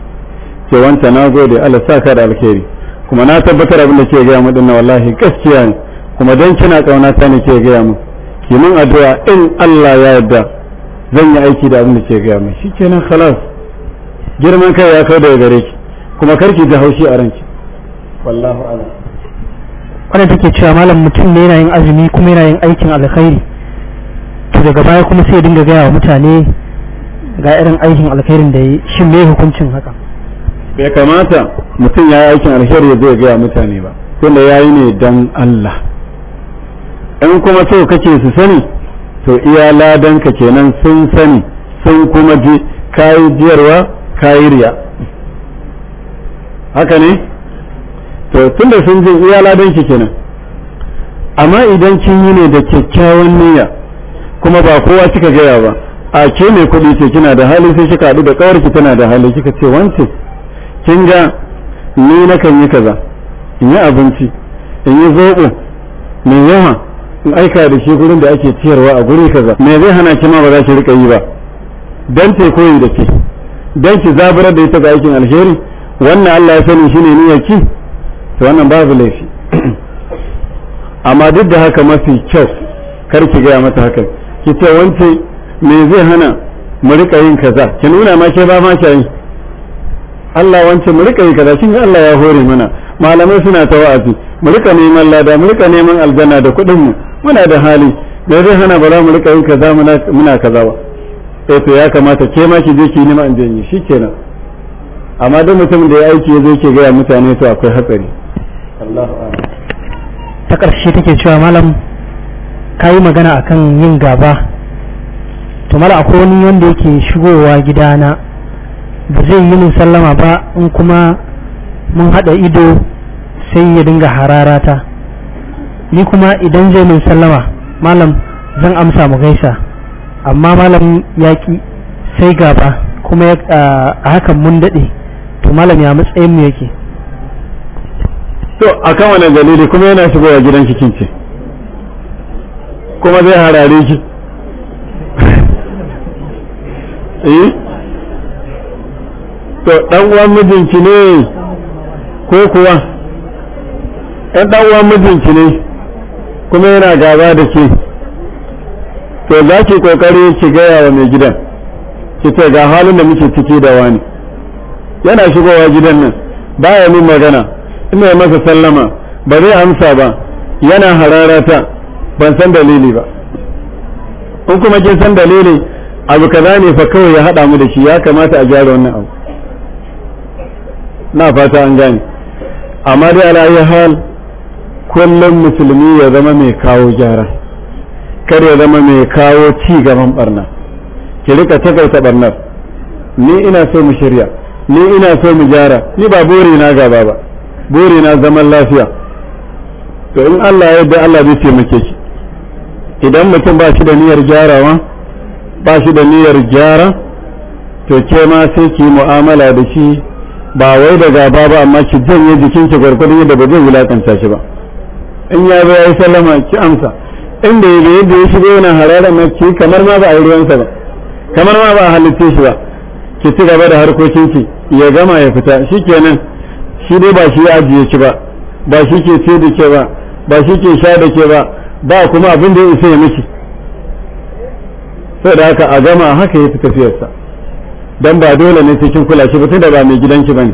A: ce wanta na gode Allah sa ka da alkhairi kuma na tabbatar abin da ke gaya mu dinna wallahi gaskiya ne kuma dan kina kauna ta ne ke gaya mu ki mun addu'a in Allah ya yarda zan yi aiki da abin da ke gaya mai shikenan khalas girman kai ya kai daga gare ki kuma karki da haushi a ranki wallahu a'lam
C: wannan take cewa malam mutum ne yana yin azumi kuma yana yin aikin alkhairi to daga baya kuma sai ya dinga gaya wa mutane ga irin aikin alkhairin da yi shin me hukuncin haka
A: bai kamata mutum ya yi aikin alkhairi ya zai gaya mutane ba tunda ya yi ne dan Allah in kuma so kake su sani to iya ladanka kenan sun sani sun kuma ji kayi jiyarwa kayi riya haka ne to tunda sun ji iya ladanki kenan amma idan kin yi ne da kyakkyawan niyya kuma ba kowa kika gaya ba a ke mai kuɗi ce kina da hali sai kika haɗu da ƙawarki tana da hali kika ce wance kin ga ni na kan yi kaza in yi abinci in yi zoɓo mai yawa in aika da shi gurin da ake ciyarwa a guri kaza me zai hana ki ma ba za ki rika yi ba dan te koyi da ke dan ki zaburar da ita ga aikin alheri wannan Allah ya sani shine niyyar ki to wannan babu laifi amma duk da haka mafi kyau kar ki gaya mata hakan ki ce wance me zai hana mu rika yin kaza ki nuna ma ke ba ma ki Allah wance mu rika yi kaza shin Allah ya hore mana malamai suna ta wa'azi mu rika neman lada mu rika neman aljanna da kuɗinmu. mu muna da hali da zai hana ba za mu rika yin kaza muna kaza ba sai to ya kamata ke ma ki je ki nima in janye shi kenan amma duk mutum da ya aiki ya zo ke gaya mutane to akwai hatsari
C: ta ƙarshe take cewa malam ka yi magana akan yin gaba to mala akwai wani wanda yake shigowa gidana ba zai yi sallama ba in kuma mun haɗa ido sai ya dinga hararata ni kuma idan zai min sallama malam zan amsa mu gaisa amma malam ya ki sai gaba kuma a hakan mun dade to malam ya matsayin mu yake
A: to akan wani dalili kuma yana ya gidan cikin ce kuma zai harare ki eh to dan uwan mijinki ne ko kuwa ɗan dan uwan mijinki ne kuma yana gaba da ke to za ki kokari ki gaya wa mai gidan ki ce ga halin da muke ciki da wani yana shigowa gidan nan baya min magana ina masa sallama ba zai amsa ba yana hararata ban san dalili ba in kuma kin san dalili abu kaza ne fa kawai ya haɗa mu da shi ya kamata a gyara wannan abu na fata an gane amma dai ala hal kullum musulmi ya zama mai kawo gyara kar ya zama mai kawo ci gaban barna ki rika takaita barnar ni ina so mu shirya ni ina so mu gyara ni ba buri na gaba ba buri na zaman lafiya to in Allah ya yarda Allah zai taimake ki idan mutum ba shi da niyyar gyarawa ba shi da niyyar gyara to ke ma sai ki mu'amala da shi ba wai da gaba ba amma ki janye jikinki gwargwadon yadda ba zai wulakanta shi ba in ya zo ya yi sallama ki amsa in ya ya yadda ya shigo yana harara na ki kamar ma ba a yi ruwansa ba kamar ma ba a halitta shi ba ki ci gaba da harkokinki ya gama ya fita shi nan shi dai ba shi ya ajiye ki ba ba shi ke ce da ke ba ba shi ke sha da ke ba ba kuma abin da ya isa ya miki sai da haka a gama haka ya fi tafiyarsa dan ba dole ne cikin kula shi ba da ba mai gidanki ne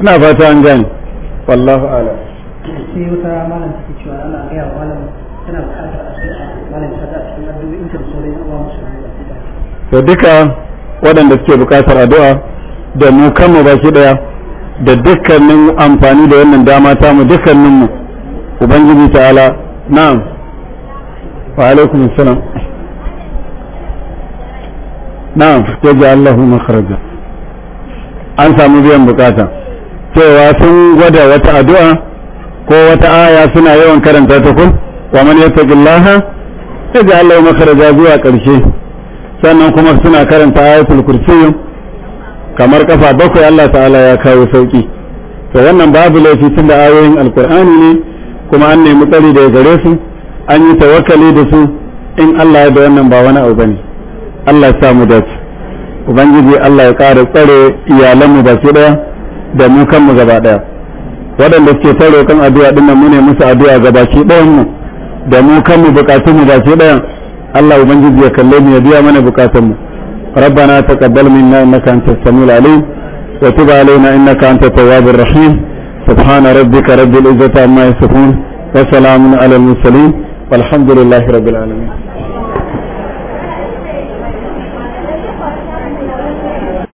A: ina fata an gane wallahu a'lam
C: sai wata malam take cewa ana gaya ta
A: da duka waɗanda suke bukatar addu'a da mu kanmu baki daya da dukkanin amfani da wannan dama ta mu dukkanin mu ubangiji ta'ala na'am wa alaikum assalam na'am yaja Allahu an samu biyan bukata cewa sun gwada wata addu'a ko wata aya suna yawan karanta ta kun wa man yattaqillaha yaj'al makhraja zuwa karshe sannan kuma suna karanta ayatul kursi kamar kafa bakwai Allah ta'ala ya kawo sauki to wannan babu laifi tun da ayoyin alqur'ani ne kuma an nemi tsari daga gare su an yi tawakkali da su in Allah ya da wannan ba wani abu bane Allah ya sa mu dace ubangiji Allah ya ƙara tsare iyalanmu ba su da mu kanmu gaba daya waɗanda suke ta roƙon addu'a din nan mune musu addu'a ga baki ɗayan mu da mu kan mu mu baki ɗayan Allah ubangiji ya kalle mu ya biya mana buƙatun mu rabbana taqabbal minna innaka antas samiul alim wa tub alaina innaka antat tawwabur rahim subhana rabbika rabbil izzati amma yasifun wa salamun alal mursalin والحمد لله رب